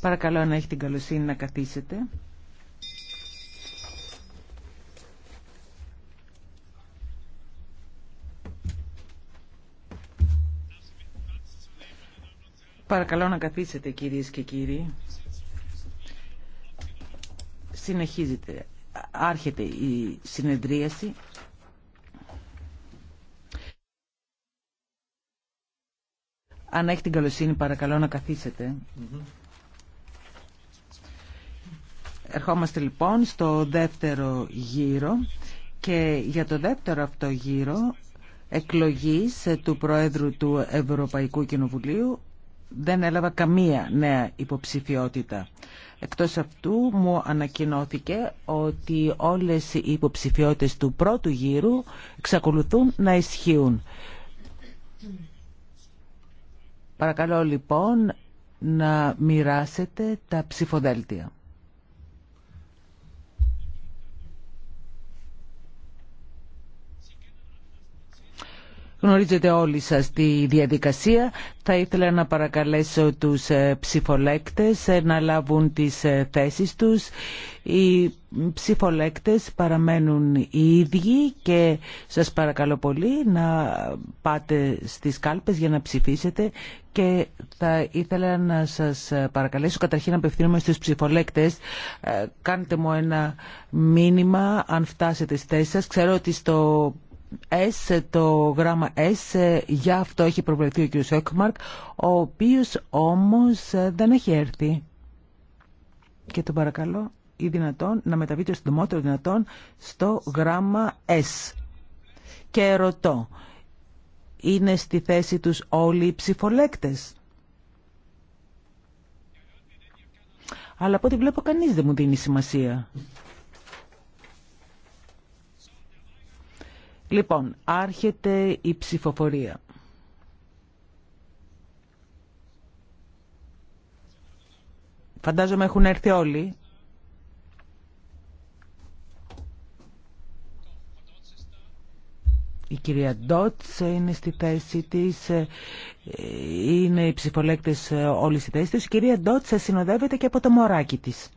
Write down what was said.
Παρακαλώ να έχει την καλοσύνη να καθίσετε. Παρακαλώ να καθίσετε κυρίες και κύριοι. Συνεχίζεται. Άρχεται η συνεδρίαση. Αν έχει την καλοσύνη παρακαλώ να καθίσετε. Ερχόμαστε λοιπόν στο δεύτερο γύρο και για το δεύτερο αυτό γύρο εκλογής του Προέδρου του Ευρωπαϊκού Κοινοβουλίου δεν έλαβα καμία νέα υποψηφιότητα. Εκτός αυτού μου ανακοινώθηκε ότι όλες οι υποψηφιότητες του πρώτου γύρου εξακολουθούν να ισχύουν. Παρακαλώ λοιπόν να μοιράσετε τα ψηφοδέλτια. Γνωρίζετε όλοι σας τη διαδικασία. Θα ήθελα να παρακαλέσω τους ε, ψηφολέκτες ε, να λάβουν τις ε, θέσεις τους. Οι ψηφολέκτες παραμένουν οι ίδιοι και σας παρακαλώ πολύ να πάτε στις κάλπες για να ψηφίσετε και θα ήθελα να σας παρακαλέσω καταρχήν να απευθύνομαι στους ψηφολέκτες. Κάντε μου ένα μήνυμα αν φτάσετε στις θέσεις σας. Ξέρω ότι στο S, το γράμμα S, για αυτό έχει προβλεφθεί ο κ. Σόκμαρκ, ο οποίος όμως δεν έχει έρθει. Και τον παρακαλώ ή δυνατόν να μεταβεί το συντομότερο δυνατόν στο γράμμα S. Και ρωτώ, είναι στη θέση τους όλοι οι ψηφολέκτες. Αλλά από ό,τι βλέπω κανείς δεν μου δίνει σημασία. Λοιπόν, άρχεται η ψηφοφορία. Φαντάζομαι έχουν έρθει όλοι. Η κυρία Ντότς είναι στη θέση της, ε, είναι οι ψηφολέκτες ε, όλοι στη θέση της. Η κυρία Ντότς ε, συνοδεύεται και από το μωράκι της.